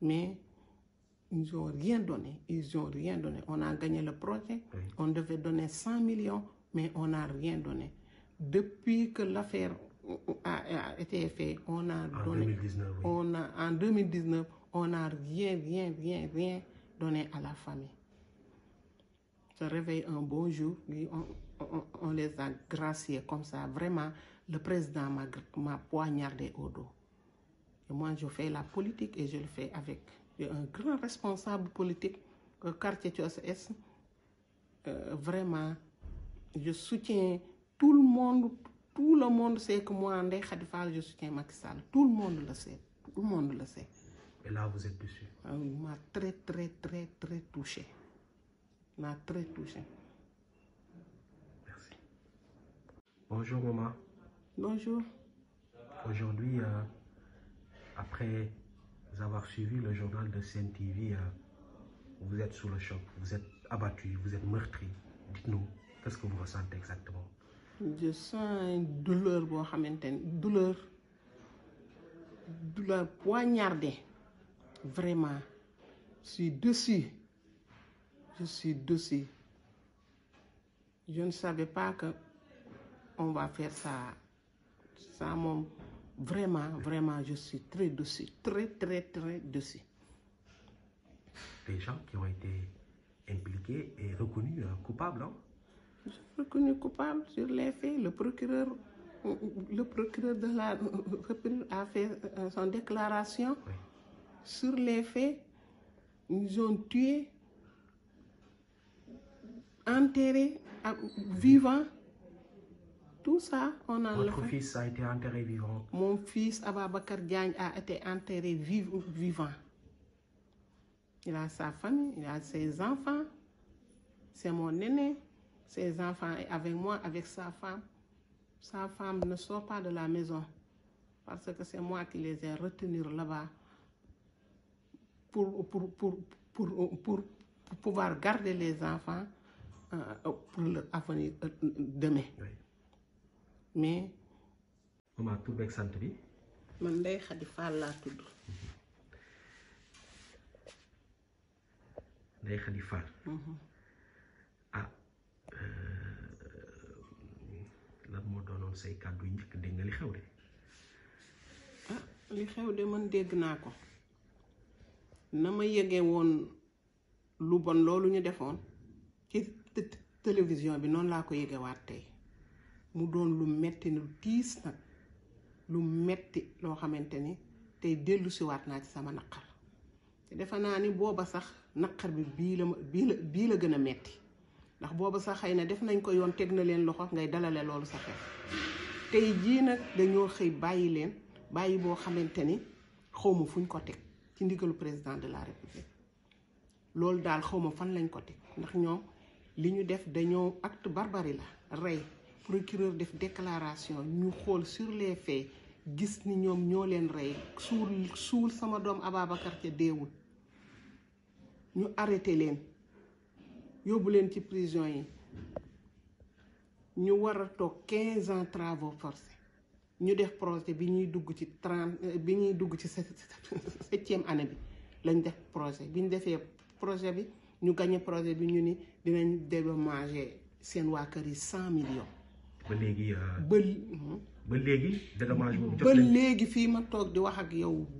mais ils n'ont rien donné. Ils n'ont rien donné. On a gagné le projet, on devait donner 100 millions, mais on n'a rien donné. Depuis que l'affaire a, été faite, on a en donné. 2019, on a, en 2019, on n'a rien, rien, rien, rien donné à la famille. Se réveille un bon jour, on, on, les a graciés comme ça. Vraiment, le président m'a poignardé au dos moi, je fais la politique et je le fais avec un grand responsable politique au euh, quartier Euh, vraiment, je soutiens tout le monde. Tout le monde sait que moi, André Khadifa, je soutiens Macky Sall. Tout le monde le sait. Tout le monde le sait. Et là, vous êtes dessus. Ah, il m'a très, très, très, très touché. Il m'a très touché. Merci. Bonjour, maman. Bonjour. Aujourd'hui, euh, après avoir suivi le journal de CNTV, euh, vous êtes sous le choc, vous êtes abattu, vous êtes meurtri. Dites-nous, qu'est-ce que vous ressentez exactement Je sens une douleur, une douleur, douleur poignardée, vraiment. Je suis dessus, je suis dessus. Je ne savais pas que on va faire ça. Ça, mon Vraiment, vraiment, je suis très dessus. Très, très, très dessus. Des gens qui ont été impliqués et reconnus euh, coupables, hein? reconnu coupable sur les faits. Le procureur, le procureur de la a fait euh, son déclaration sur les faits. Ils ont tué, enterré, euh, vivant, tout ça, on a Votre fils a été enterré vivant. Mon fils, Ababakar Diagne, a été enterré vivant. Il a sa famille, il a ses enfants. C'est mon aîné. Ses enfants avec moi, avec sa femme. Sa femme ne sort pas de la maison parce que c'est moi qui les ai retenus là-bas pour, pour, pouvoir garder les enfants euh, pour leur avenir euh, demain. mais. maman tur beeg sant bi. man Ndeye Khady Fall laa tudd. Ndeye Khady Fall. Mhm. ah euh, lan moo doonoon say kàddu yu njëkk dégg nga li xew de. ah li xew de man dégg naa ko na ma yëgee woon lu bon loolu ñu defoon ci télévision bi noonu laa ko yëgewaat tey. mu doon lu metti lu tiis nag lu metti loo xamante ni tey dellusiwaat naa ci sama naqar te defe naa ni booba sax naqar bi bii la bii la bii la gën a metti ndax booba sax xëy na def nañ ko yoon teg na leen loxo ngay dalale loolu sa xel tey jii nag dañoo xëy bàyyi leen bàyyi boo xamante ni xawma fuñ ko teg ci ndigalu président de la république loolu daal xawma fan lañ ko teg ndax ñoom li ñu def dañoo acte barbarie la rey procureur def déclaration ñu xool sur les faits gis ni ñoom ñoo leen rey suul sama doom Ababacar ca deewul ñu arrêté leen ci prison yi ñu a toog ans travaux forcés ñu def projet bi ñuy dugg ci année bi lañ def projet projet bi ñu projet bi ñu ni dinañ millions ba léegi euh, ba. ba léegi dédommage boobu. ba léegi fii ma toog di wax ak yow.